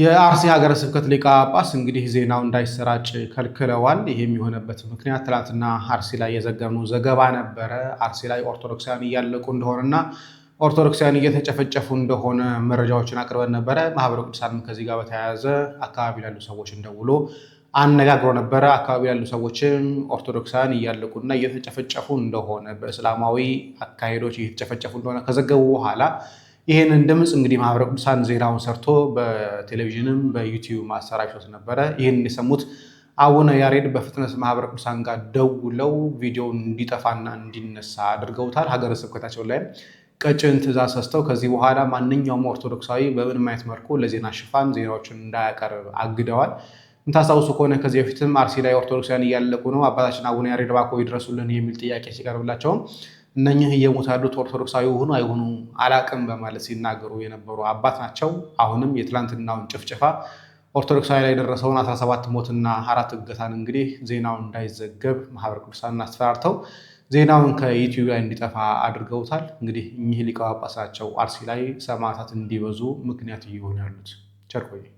የአርሲ ሀገረ ስብከት ሊቀ ጳጳስ እንግዲህ ዜናው እንዳይሰራጭ ከልክለዋል። ይህም የሆነበት ምክንያት ትናንትና አርሲ ላይ የዘገብነው ዘገባ ነበረ። አርሲ ላይ ኦርቶዶክሳውያን እያለቁ እንደሆነና ኦርቶዶክሳውያን እየተጨፈጨፉ እንደሆነ መረጃዎችን አቅርበን ነበረ። ማህበረ ቅዱሳንም ከዚህ ጋር በተያያዘ አካባቢ ላሉ ሰዎች እንደውሎ አነጋግሮ ነበረ። አካባቢ ላሉ ሰዎችም ኦርቶዶክሳን እያለቁና እየተጨፈጨፉ እንደሆነ በእስላማዊ አካሄዶች እየተጨፈጨፉ እንደሆነ ከዘገቡ በኋላ ይህንን ድምፅ እንግዲህ ማህበረ ቅዱሳን ዜናውን ሰርቶ በቴሌቪዥንም በዩቲዩብ ማሰራጨት ነበረ። ይህን የሰሙት አቡነ ያሬድ በፍጥነት ማህበረ ቅዱሳን ጋር ደውለው ቪዲዮ እንዲጠፋና እንዲነሳ አድርገውታል። ሀገረ ስብከታቸው ላይ ቀጭን ትእዛዝ ሰስተው ከዚህ በኋላ ማንኛውም ኦርቶዶክሳዊ በምንም አይነት መልኩ ለዜና ሽፋን ዜናዎችን እንዳያቀርብ አግደዋል። የምታስታውሱ ከሆነ ከዚህ በፊትም አርሲ ላይ ኦርቶዶክሳውያን እያለቁ ነው፣ አባታችን አቡነ ያሬድ እባክዎ ይድረሱልን የሚል ጥያቄ ሲቀርብላቸውም እነኚህ እየሞቱ ያሉት ኦርቶዶክሳዊ ሆኑ አይሆኑ አላቅም በማለት ሲናገሩ የነበሩ አባት ናቸው። አሁንም የትላንትናውን ጭፍጭፋ ኦርቶዶክሳዊ ላይ የደረሰውን 17 ሞትና አራት እገታን እንግዲህ ዜናውን እንዳይዘገብ ማህበረ ቅዱሳን አስፈራርተው ዜናውን ከዩቲዩብ ላይ እንዲጠፋ አድርገውታል። እንግዲህ እኚህ ሊቀ ጳጳስ ናቸው አርሲ ላይ ሰማዕታት እንዲበዙ ምክንያት እየሆኑ ያሉት። ቸር